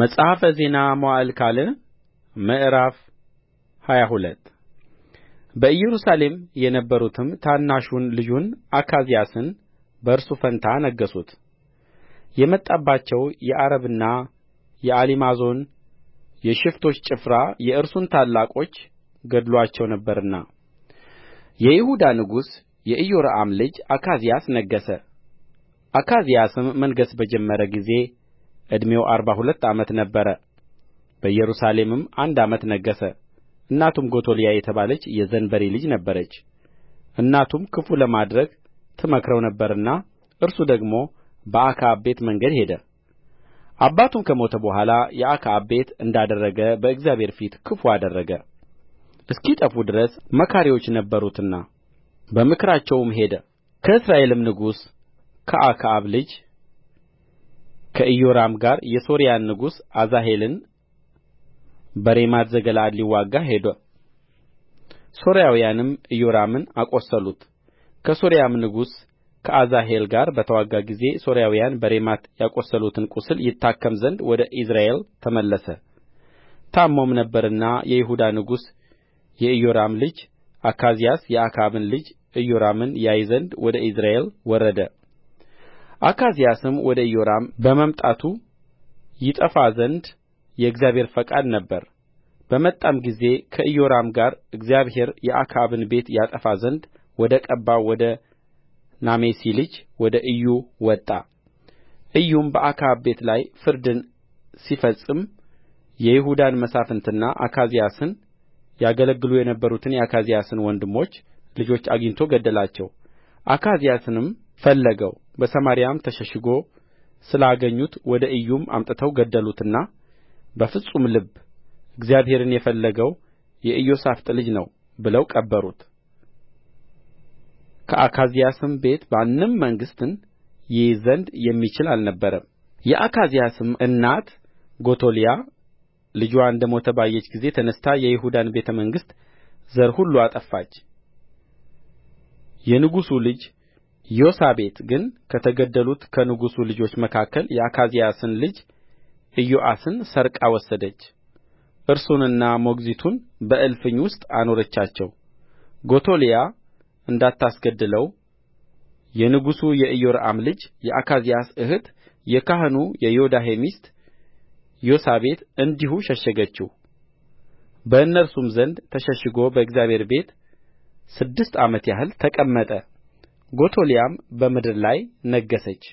መጽሐፈ ዜና መዋዕል ካልዕ ምዕራፍ ሃያ ሁለት በኢየሩሳሌም የነበሩትም ታናሹን ልጁን አካዝያስን በእርሱ ፋንታ አነገሡት። የመጣባቸው የዓረብና የአሊማዞን የሽፍቶች ጭፍራ የእርሱን ታላቆች ገድሎአቸው ነበርና የይሁዳ ንጉሥ የኢዮራም ልጅ አካዝያስ ነገሠ። አካዝያስም መንገሥ በጀመረ ጊዜ ዕድሜው አርባ ሁለት ዓመት ነበረ በኢየሩሳሌምም አንድ ዓመት ነገሠ እናቱም ጎቶልያ የተባለች የዘንበሪ ልጅ ነበረች እናቱም ክፉ ለማድረግ ትመክረው ነበርና እርሱ ደግሞ በአክዓብ ቤት መንገድ ሄደ አባቱም ከሞተ በኋላ የአክዓብ ቤት እንዳደረገ በእግዚአብሔር ፊት ክፉ አደረገ እስኪጠፉ ድረስ መካሪዎች ነበሩትና በምክራቸውም ሄደ ከእስራኤልም ንጉሥ ከአክዓብ ልጅ ከኢዮራም ጋር የሶርያን ንጉሥ አዛሄልን በሬማት ዘገለዓድ ሊዋጋ ሄደ። ሶርያውያንም ኢዮራምን አቈሰሉት። ከሶርያም ንጉሥ ከአዛሄል ጋር በተዋጋ ጊዜ ሶርያውያን በሬማት ያቈሰሉትን ቍስል ይታከም ዘንድ ወደ ኢይዝራኤል ተመለሰ። ታምሞም ነበርና የይሁዳ ንጉሥ የኢዮራም ልጅ አካዝያስ የአክዓብን ልጅ ኢዮራምን ያይ ዘንድ ወደ ኢይዝራኤል ወረደ አካዝያስም ወደ ኢዮራም በመምጣቱ ይጠፋ ዘንድ የእግዚአብሔር ፈቃድ ነበረ በመጣም ጊዜ ከኢዮራም ጋር እግዚአብሔር የአክዓብን ቤት ያጠፋ ዘንድ ወደ ቀባው ወደ ናሜሲ ልጅ ወደ ኢዩ ወጣ ኢዩም በአክዓብ ቤት ላይ ፍርድን ሲፈጽም የይሁዳን መሳፍንትና አካዝያስን ያገለግሉ የነበሩትን የአካዝያስን ወንድሞች ልጆች አግኝቶ ገደላቸው አካዝያስንም ፈለገው በሰማርያም ተሸሽጎ ስላገኙት ወደ ኢዩም አምጥተው ገደሉትና በፍጹም ልብ እግዚአብሔርን የፈለገው የኢዮሣፍጥ ልጅ ነው ብለው ቀበሩት ከአካዝያስም ቤት ማንም መንግሥትን ይይዝ ዘንድ የሚችል አልነበረም የአካዝያስም እናት ጎቶልያ ልጅዋ እንደ ሞተ ባየች ጊዜ ተነሥታ የይሁዳን ቤተ መንግሥት ዘር ሁሉ አጠፋች የንጉሡ ልጅ ዮሳቤት ግን ከተገደሉት ከንጉሡ ልጆች መካከል የአካዝያስን ልጅ ኢዮአስን ሰርቃ ወሰደች እርሱንና ሞግዚቱን በእልፍኝ ውስጥ አኖረቻቸው ጎቶልያ እንዳታስገድለው የንጉሡ የኢዮራም ልጅ የአካዝያስ እህት የካህኑ የዮዳሄ ሚስት ዮሳቤት እንዲሁ ሸሸገችው። በእነርሱም ዘንድ ተሸሽጎ በእግዚአብሔር ቤት ስድስት ዓመት ያህል ተቀመጠ። ጎቶልያም በምድር ላይ ነገሠች